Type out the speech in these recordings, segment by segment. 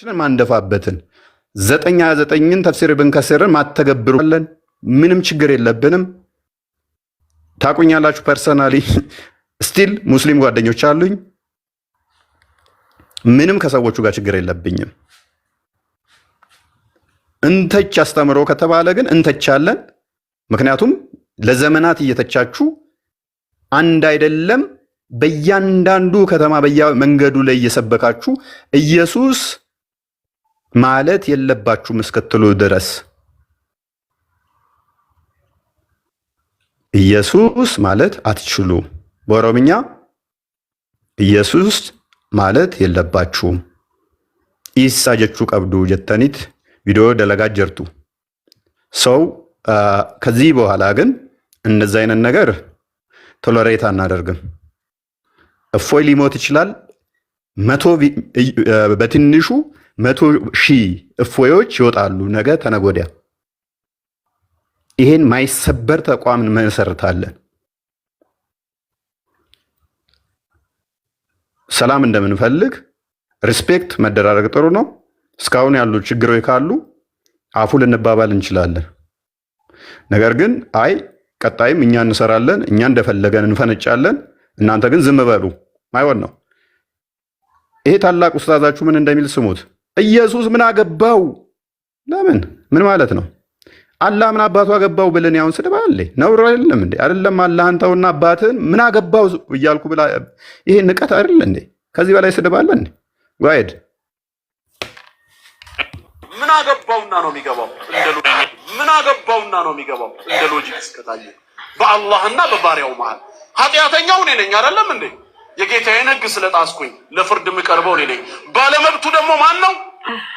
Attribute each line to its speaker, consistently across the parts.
Speaker 1: ችንን ማንደፋበትን ዘጠኝ ዘጠኝን ተፍሲር ብን ማተገብሩለን ምንም ችግር የለብንም። ታቁኛላችሁ። ፐርሰናሊ ስቲል ሙስሊም ጓደኞች አሉኝ። ምንም ከሰዎቹ ጋር ችግር የለብኝም። እንተች አስተምሮ ከተባለ ግን እንተቻለን። ምክንያቱም ለዘመናት እየተቻችሁ አንድ አይደለም፣ በእያንዳንዱ ከተማ በየመንገዱ ላይ እየሰበካችሁ ኢየሱስ ማለት የለባችሁም እስክትሉ ድረስ ኢየሱስ ማለት አትችሉ። በኦሮምኛ ኢየሱስ ማለት የለባችሁም ኢሳ ጀቹ ቀብዱ ጀተኒት ቪዲዮ ደለጋ ጀርቱ ሰው ከዚህ በኋላ ግን እንደዚህ አይነት ነገር ቶለሬት አናደርግም። እፎይ ሊሞት ይችላል መቶ በትንሹ መቶ ሺህ እፎዮች ይወጣሉ ነገ ተነጎዲያ። ይሄን ማይሰበር ተቋም መሰረታለን። ሰላም እንደምንፈልግ ሪስፔክት መደራረግ ጥሩ ነው። እስካሁን ያሉ ችግሮች ካሉ አፉ ልንባባል እንችላለን። ነገር ግን አይ ቀጣይም እኛ እንሰራለን፣ እኛ እንደፈለገን እንፈነጫለን፣ እናንተ ግን ዝም በሉ አይሆን ነው። ይሄ ታላቅ ውስጣዛችሁ ምን እንደሚል ስሙት። ኢየሱስ ምን አገባው? ለምን ምን ማለት ነው? አላህ ምን አባቱ አገባው ብለን ያውን ስድብ አለ ነውር አይደለም እንዴ? አይደለም አላህን አንተውና አባትህን ምን አገባው እያልኩ ብላ ይሄ ንቀት አይደል እንዴ? ከዚህ በላይ ስድብ አለ እንዴ? ጓይድ ምን አገባውና ነው የሚገባው? ምን አገባውና ነው የሚገባው? እንደ ሎጂክ እስከታየ በአላህና በባሪያው መሀል ኃጢአተኛው እኔ ነኝ አይደለም እንዴ? የጌታዬን ህግ ስለጣስኩኝ ለፍርድ የምቀርበው እኔ ነኝ። ባለመብቱ ደግሞ ማን ነው?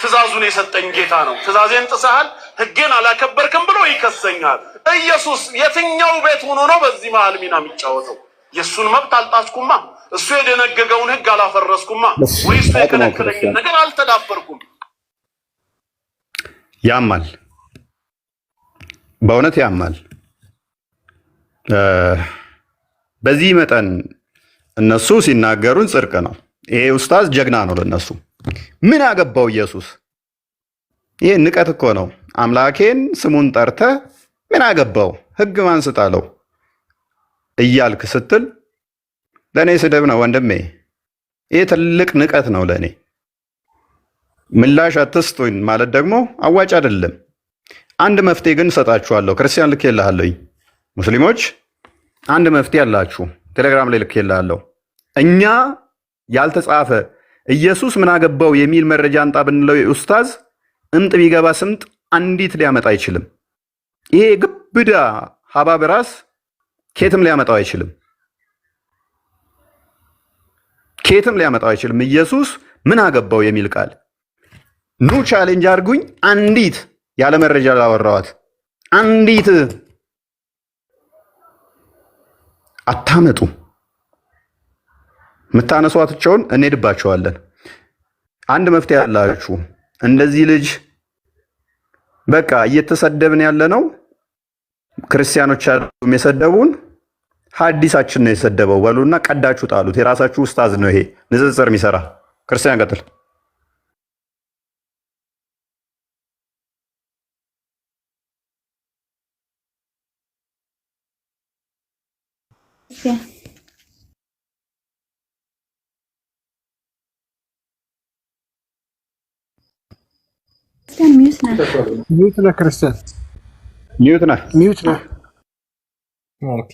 Speaker 1: ትእዛዙን የሰጠኝ ጌታ ነው። ትእዛዜን ጥሰሃል፣ ሕጌን አላከበርክም ብሎ ይከሰኛል። ኢየሱስ የትኛው ቤት ሆኖ ነው በዚህ መሀል ሚና የሚጫወተው? የእሱን መብት አልጣስኩማ፣ እሱ የደነገገውን ህግ አላፈረስኩማ፣ ወይ እሱ የከለከለኝን ነገር አልተዳፈርኩም። ያማል፣ በእውነት ያማል። በዚህ መጠን እነሱ ሲናገሩን ጽድቅ ነው። ይሄ ኡስታዝ ጀግና ነው ለእነሱ ምን አገባው ኢየሱስ? ይህ ንቀት እኮ ነው። አምላኬን ስሙን ጠርተ ምን አገባው ህግ ማን ስጣለው እያልክ ስትል ለእኔ ስድብ ነው ወንድሜ። ይህ ትልቅ ንቀት ነው ለእኔ። ምላሽ አትስጡኝ ማለት ደግሞ አዋጭ አይደለም። አንድ መፍትሄ ግን እሰጣችኋለሁ። ክርስቲያን ልክ የላለሁኝ ሙስሊሞች አንድ መፍትሄ አላችሁ። ቴሌግራም ላይ ልክ የላለሁ እኛ ያልተጻፈ ኢየሱስ ምን አገባው የሚል መረጃ አንጣ ብንለው ኡስታዝ እምጥ ቢገባ ስምጥ አንዲት ሊያመጣ አይችልም። ይሄ ግብዳ ሀባብ ራስ ኬትም ሊያመጣው አይችልም። ኬትም ሊያመጣው አይችልም። ኢየሱስ ምን አገባው የሚል ቃል ኑ ቻሌንጅ አድርጉኝ። አንዲት ያለ መረጃ ላወራዋት አንዲት አታመጡ። የምታነሷቸውን እንሄድባቸዋለን። አንድ መፍትሄ ያላችሁ እንደዚህ ልጅ በቃ እየተሰደብን ያለ ነው። ክርስቲያኖች አይደሉም የሰደቡን፣ ሀዲሳችን ነው የሰደበው በሉና ቀዳችሁ ጣሉት። የራሳችሁ ውስታዝ ነው ይሄ ንጽጽር የሚሰራ ክርስቲያን። ቀጥል
Speaker 2: Yeah. ክርስቲያን ሚዩት ነህ፣
Speaker 3: ሚዩት ነህ፣ ክርስቲያን ሚዩት ነህ፣ ሚዩት ነህ።
Speaker 4: ኦኬ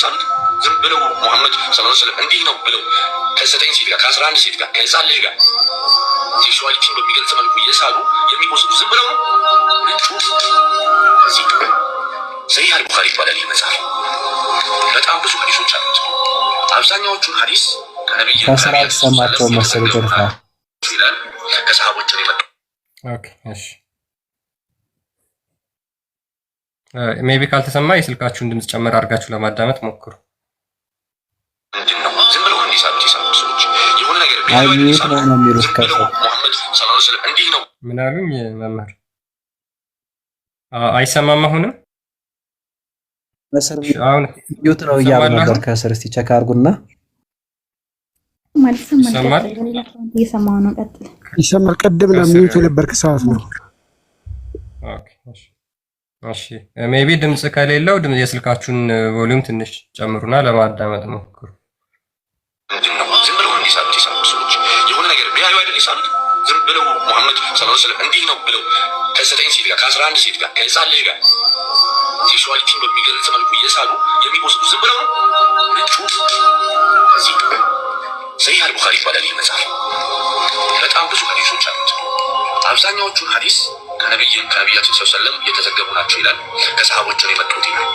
Speaker 4: ዝም ዝም ብለው ሙሐመድ ሰለላሁ ዐለይሂ ወሰለም እንዲህ ነው ብለው ከዘጠኝ ሴት ጋር ከአስራ አንድ ሴት ጋር ከህፃን ልጅ ጋር ሴክሹዋሊቲን በሚገልጽ መልኩ እየሳሉ የሚወስዱ ዝም ብለው ነው። ሰሂህ አልቡኻሪ ይባላል ይህ መጽሐፍ። በጣም ብዙ ሀዲሶች አሉት። አብዛኛዎቹን ሀዲስ ከስራ የተሰማቸው መሰል ገርፋ ሜቢ ካልተሰማ የስልካችሁን ድምፅ ጨመር አድርጋችሁ ለማዳመጥ ሞክሩ። ምናሉኝ አሉኝ መምህር? አይሰማም አሁንም
Speaker 3: መስር ሚዩት ነው እያሉ ነበር። ከስር እስኪ ቸክ አድርጉና ይሰማል። ቀደም ለሚዩት የነበርክ ሰዓት ነው።
Speaker 4: ሜይ ቢ ድምፅ ከሌለው የስልካችሁን ቮሊዩም ትንሽ ጨምሩና ለማዳመጥ ሞክሩ። እንዲህ ነው ብለው ከዘጠኝ ሴት ጋር ከአስራ አንድ ሴት ጋር ከህፃን ልጅ ጋር ሴክሹዋሊቲን በሚገልጽ መልኩ እየሳሉ የሚወስዱ ዝም ብለው ነው ሳሂህ አልቡኻሪ ይባላል ይህ መጽሐፍ። በጣም ብዙ ሀዲሶች አሉት። አብዛኛዎቹን ሀዲስ ከነቢይ ከነቢያችን
Speaker 1: ሰው ሰለም የተዘገቡ ናቸው ይላል። ከሰሃቦችን የመጡት ይላል።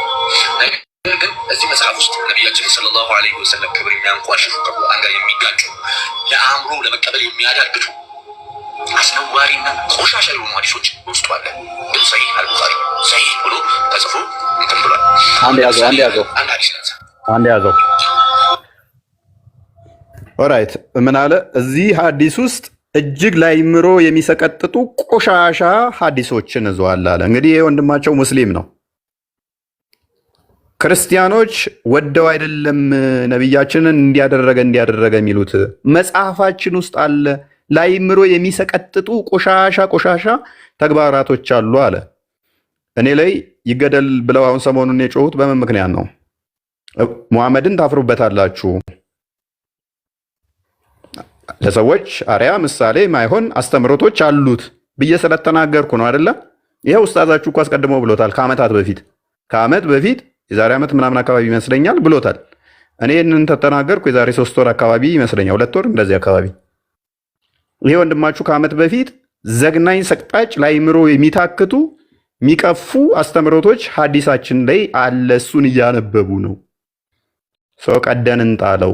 Speaker 1: ነገር ግን እዚህ መጽሐፍ ውስጥ ነቢያችን ሰለላሁ ዐለይሂ ወሰለም ክብር የሚያንቋሽሹ ከቁርአን ጋር የሚጋጩ ለአእምሮ ለመቀበል የሚያዳግቱ አስነዋሪና ቆሻሻ የሆኑ ሀዲሶች ውስጡ አለ። ግን ሰሂህ አልቡኻሪ ሰሂህ ብሎ ተጽፎ እንትን ብሏል። አንድ ያዘው አንድ ያዘው አንድ ሀዲስ አንድ ያዘው ኦራይት ምን አለ እዚህ ሀዲስ ውስጥ እጅግ ለአእምሮ የሚሰቀጥጡ ቆሻሻ ሀዲሶችን እዘዋል አለ። እንግዲህ ይህ ወንድማቸው ሙስሊም ነው። ክርስቲያኖች ወደው አይደለም ነቢያችንን እንዲያደረገ እንዲያደረገ የሚሉት መጽሐፋችን ውስጥ አለ። ለአእምሮ የሚሰቀጥጡ ቆሻሻ ቆሻሻ ተግባራቶች አሉ አለ። እኔ ላይ ይገደል ብለው አሁን ሰሞኑን የጮሁት በምን ምክንያት ነው? ሙሐመድን ታፍሩበታላችሁ ለሰዎች አሪያ ምሳሌ ማይሆን አስተምሮቶች አሉት ብዬ ስለተናገርኩ ነው አይደለም። ይሄ ውስጣዛችሁ እኮ አስቀድሞ ብሎታል። ከዓመታት በፊት ከአመት በፊት የዛሬ ዓመት ምናምን አካባቢ ይመስለኛል ብሎታል። እኔ ይህንን ተተናገርኩ የዛሬ ሶስት ወር አካባቢ ይመስለኛል፣ ሁለት ወር እንደዚህ አካባቢ። ይሄ ወንድማችሁ ከዓመት በፊት ዘግናኝ ሰቅጣጭ፣ ላይምሮ የሚታክቱ የሚቀፉ አስተምሮቶች ሀዲሳችን ላይ አለ። እሱን እያነበቡ ነው ሰው ቀደን እንጣለው።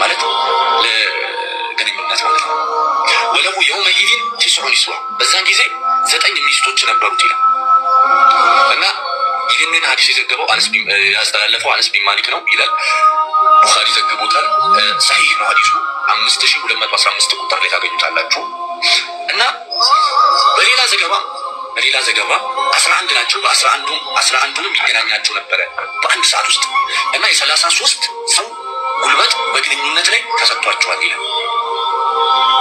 Speaker 1: ማለት ለግንኙነት ማለት ነው። ወለሙ የውመ ኢዲን ቲስዑ ኒስዋ በዛን ጊዜ ዘጠኝ ሚስቶች ነበሩት ይላል እና ይህንን ሀዲስ የዘገበው ያስተላለፈው አነስ ቢን ማሊክ ነው ይላል። ቡኻሪ ዘግቦታል። ሳሂህ ነው ሀዲሱ አምስት ሺህ ሁለት መቶ አስራ አምስት ቁጥር ላይ ታገኙታላችሁ። እና በሌላ ዘገባ በሌላ ዘገባ አስራ አንድ ናቸው። በአስራ አንዱ አስራ አንዱንም ይገናኛቸው ነበረ በአንድ ሰዓት ውስጥ እና የሰላሳ ሶስት ሰው ጉልበት በግንኙነት ላይ ተሰጥቷቸዋል ይላል።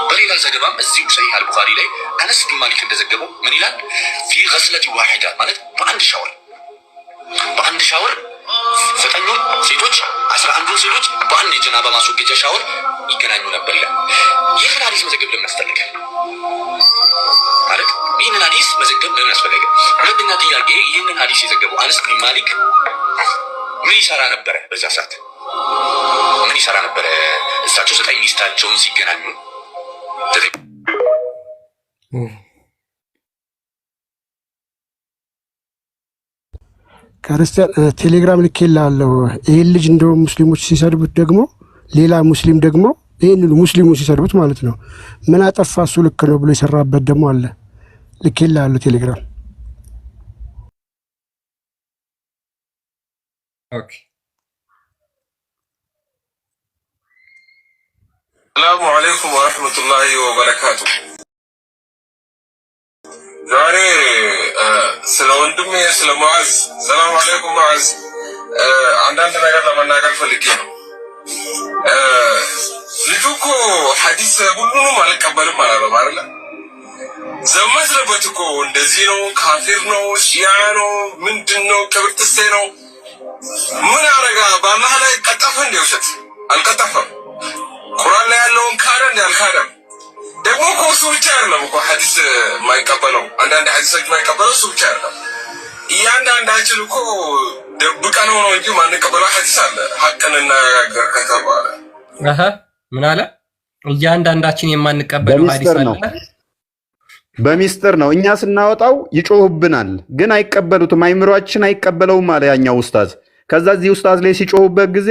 Speaker 1: በሌላ ዘገባም እዚሁ ሰሂህ አልቡኻሪ ላይ አነስ ቢን ማሊክ እንደዘገበው ምን ይላል? ፊ ገስለት ዋሂዳ ማለት በአንድ ሻወር በአንድ ሻወር ዘጠኙ ሴቶች አስራ አንዱን ሴቶች በአንድ የጀናባ ማስወገጃ ሻወር ይገናኙ ነበር ይላል። ይህን ሀዲስ መዘገብ ለምን ያስፈልገ? ማለት ይህንን ሀዲስ መዘገብ ለምን ያስፈለገ? ሁለተኛ ጥያቄ፣ ይህንን ሀዲስ የዘገበው አነስ ቢን ማሊክ ምን ይሰራ ነበረ በዛ ሰዓት? ምን ይሰራ ነበረ? እሳቸው ዘጠኝ ሚስታቸውን ሲገናኙ
Speaker 3: ክርስቲያን ቴሌግራም ልኬልሃለሁ። ይህን ልጅ እንደውም ሙስሊሞች ሲሰድቡት ደግሞ ሌላ ሙስሊም ደግሞ ይህንኑ ሙስሊሙ ሲሰድቡት ማለት ነው ምን አጠፋ እሱ ልክ ነው ብሎ የሰራበት ደግሞ አለ። ልኬልሃለሁ ቴሌግራም
Speaker 5: ሰላሙ አለይኩም ወረህመቱላሂ ወበረካቱ። ዛሬ ስለ ወንድሜ ስለ ሙዓዝ፣ ሰላሙ አለይኩም ሙዓዝ፣ አንዳንድ ነገር ለመናገር ፈልጌ ነው። ልጁ እኮ ሐዲስ ሁሉንም አልቀበልም አላለም አለ። ዘመትለበት እኮ እንደዚህ ነው፣ ካፊር ነው፣ ሺያ ነው፣ ምንድን ነው፣ ቅብርጥሴ ነው። ምን አረጋ በአላህ ላይ ቀጠፈ? እንደ ውሸት አልቀጠፈም። ቁርአን ላይ ያለውን ካደ እንዳልካደም ደግሞ እኮ እሱ ብቻ አይደለም እኮ ሐዲስ የማይቀበለው አንዳንድ ሐዲሶች የማይቀበለው እሱ ብቻ አይደለም። እያንዳንዳችን እኮ ደብቀን ሆኖ እንጂ ማንቀበለው ሐዲስ አለ። ሐቅን እናገር ከተባለ
Speaker 4: ምን አለ? እያንዳንዳችን የማንቀበለው
Speaker 3: ሐዲስ አለ። በሚስጥር ነው። እኛ ስናወጣው ይጮሁብናል፣ ግን አይቀበሉትም። አይምሯችን አይቀበለውም አለ ያኛው ኡስታዝ። ከዛ እዚህ ኡስታዝ ላይ ሲጮሁበት ጊዜ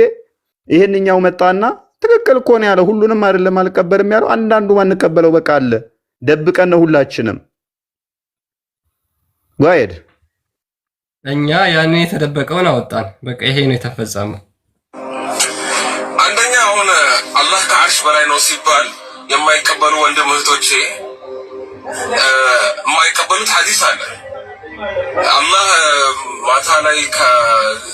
Speaker 3: ይህንኛው መጣና ትክክል እኮ ነው ያለው። ሁሉንም አይደለም አልቀበልም ያለው አንዳንዱ ማንቀበለው በቃ አለ። ደብቀን ነው ሁላችንም ጓየድ
Speaker 4: እኛ ያኔ የተደበቀውን አወጣን። በቃ ይሄ ነው የተፈጸመው።
Speaker 5: አንደኛ አሁን አላህ ከአርሽ በላይ ነው ሲባል የማይቀበሉ ወንድም እህቶቼ የማይቀበሉት ሀዲስ አለ። አላህ ማታ ላይ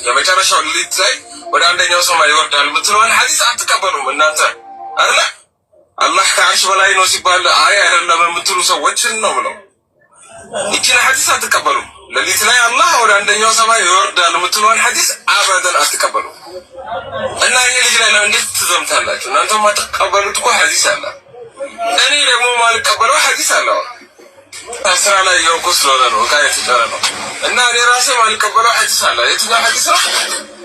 Speaker 5: የመጨረሻው ሌሊት ላይ ወደ አንደኛው ሰማይ ይወርዳል ምትለዋል ሀዲስ አትቀበሉም እናንተ አይደለ? አላህ ከአርሽ በላይ ነው ሲባል አይ አይደለም የምትሉ ሰዎችን ነው ብለው ይችን ሀዲስ አትቀበሉም። ሌሊት ላይ አላህ ወደ አንደኛው ሰማይ ይወርዳል የምትለዋል ሀዲስ አበደን አትቀበሉም። እና ይሄ ልጅ ላይ እንዴት ትዘምታላችሁ እናንተ? ማትቀበሉት እኮ ሀዲስ አለ። እኔ ደግሞ ማልቀበለው ሀዲስ አለዋል ስራ ላይ የሆንኩ ስለሆነ ነው። እቃ የተጫረ ነው እና እኔ ራሴ ማልቀበለው ሐዲስ አለ። የትኛው ሐዲስ ነው?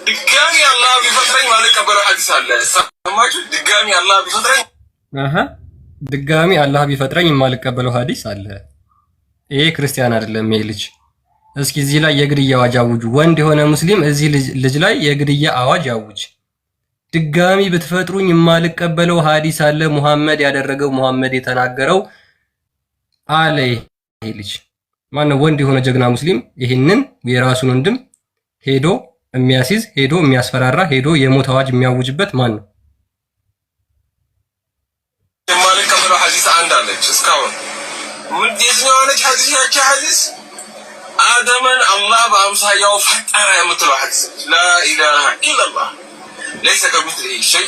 Speaker 5: ድጋሚ አላህ ቢፈጥረኝ ማልቀበለው ሐዲስ አለ። ሰማችሁ? ድጋሚ አላህ ቢፈጥረኝ
Speaker 4: ድጋሚ አላህ ቢፈጥረኝ የማልቀበለው ሐዲስ አለ። ይሄ ክርስቲያን አይደለም ይሄ ልጅ። እስኪ እዚህ ላይ የግድያ አዋጅ አውጁ። ወንድ የሆነ ሙስሊም እዚህ ልጅ ላይ የግድያ አዋጅ አውጅ። ድጋሚ ብትፈጥሩኝ የማልቀበለው ሐዲስ አለ። ሙሐመድ ያደረገው ሙሐመድ የተናገረው አለ ይሄ ልጅ ማነው ወንድ የሆነ ጀግና ሙስሊም ይህንን የራሱን ወንድም ሄዶ የሚያስይዝ ሄዶ የሚያስፈራራ ሄዶ የሞት አዋጅ የሚያውጅበት ማን ነው?
Speaker 5: የማንቀበለው ሀዲስ አንድ አለች። እስካሁን የትኛው አለች ያቺ አላህ በአምሳያው ፈጠረ የምትለው ላኢላሃ ለይሰ ከምስሊሂ ሸይ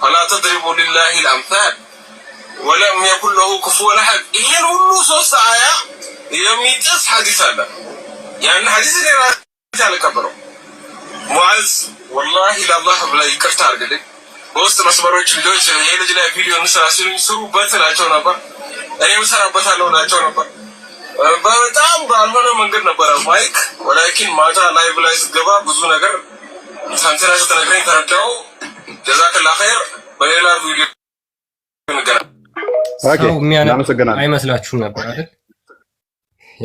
Speaker 5: ፈላ ተድሪቡ ሊላሂ ወለም የኩን ለሁ ኩፉወን አሐድ። ይህን ሁሉ ሶስት አያ የሚጥስ ሐዲስ አለ። ያን ሐዲስ አልቀበለው ሙዓዝ ወላሂ ለአላህ ብላ ይቅርታ አድርግልኝ። በውስጥ መስመሮች ልጆች የልጅ ላይ ቪዲዮ እንስራ ሲሉኝ ስሩበት እላቸው ነበር። እኔ እሰራበታለሁ እላቸው ነበር። በጣም ባልሆነ መንገድ ነበረ ማይክ ወላኪን ማታ ላይቭ ላይ ስገባ ብዙ ነገር ተንትና ስትነግረኝ ተረዳው። ጀዛከላ ኸይር። በሌላ ቪዲዮ
Speaker 4: እንገናኝ። ሰው የሚያነብ አይመስላችሁም ነበር አይደል?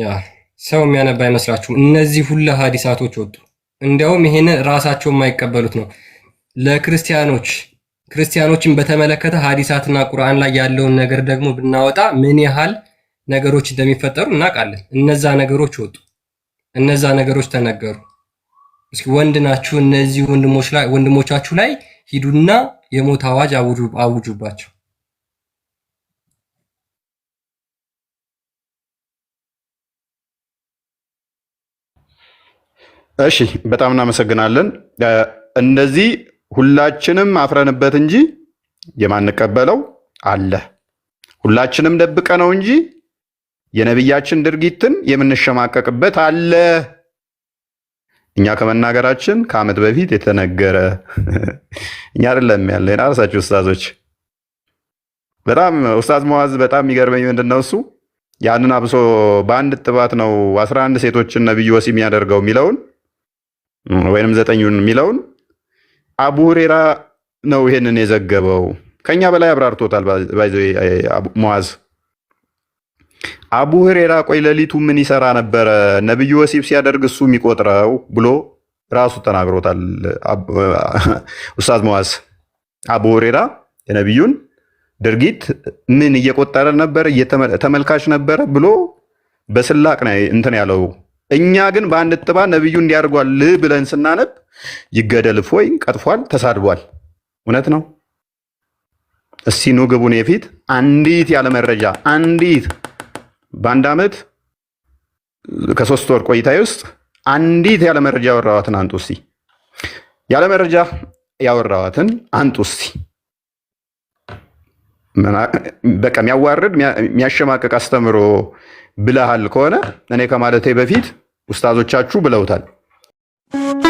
Speaker 4: ያ ሰው የሚያነብ አይመስላችሁም። እነዚህ ሁሉ ሀዲሳቶች ወጡ። እንዲያውም ይሄን ራሳቸው የማይቀበሉት ነው። ለክርስቲያኖች ክርስቲያኖችን በተመለከተ ሀዲሳትና ቁርአን ላይ ያለውን ነገር ደግሞ ብናወጣ ምን ያህል ነገሮች እንደሚፈጠሩ እናውቃለን። እነዛ ነገሮች ወጡ፣ እነዛ ነገሮች ተነገሩ። እስኪ ወንድ ናችሁ፣ እነዚህ ወንድሞች ላይ ወንድሞቻችሁ ላይ ሂዱና የሞት አዋጅ አውጁባቸው።
Speaker 1: እሺ በጣም እናመሰግናለን። እነዚህ ሁላችንም አፍረንበት እንጂ የማንቀበለው አለ። ሁላችንም ደብቀ ነው እንጂ የነቢያችን ድርጊትን የምንሸማቀቅበት አለ። እኛ ከመናገራችን ከዓመት በፊት የተነገረ እኛ አይደለም ያለ ራሳችሁ ኡስታዞች። በጣም ኡስታዝ መዋዝ በጣም የሚገርመኝ ምንድን ነው እሱ ያንን አብሶ በአንድ ጥባት ነው አስራ አንድ ሴቶችን ነብዩ ወሲብ የሚያደርገው የሚለውን ወይንም ዘጠኙን የሚለውን አቡ ሁሬራ ነው ይሄንን የዘገበው። ከኛ በላይ አብራርቶታል። ባይዞ ሙዓዝ አቡ ሁሬራ ቆይ ሌሊቱ ምን ይሰራ ነበረ? ነብዩ ወሲብ ሲያደርግ እሱ የሚቆጥረው ብሎ ራሱ ተናግሮታል። ኡስታዝ ሙዓዝ አቡ ሁሬራ የነቢዩን ድርጊት ምን እየቆጠረ ነበር ተመልካች ነበረ ብሎ በስላቅ ነው እንትን ያለው እኛ ግን በአንድ ጥባ ነቢዩ እንዲያርጓል ብለን ስናነብ ይገደል፣ እፎይ፣ ቀጥፏል፣ ተሳድቧል። እውነት ነው። እስቲ ኑ ግቡን የፊት አንዲት ያለ መረጃ አንዲት በአንድ ዓመት ከሶስት ወር ቆይታ ውስጥ አንዲት ያለ መረጃ ያወራዋትን አንጡ እስቲ፣ ያለ መረጃ ያወራዋትን አንጡ እስቲ። በቃ የሚያዋርድ የሚያሸማቀቅ አስተምሮ ብለሃል ከሆነ እኔ ከማለቴ በፊት ውስታዞቻችሁ ብለውታል።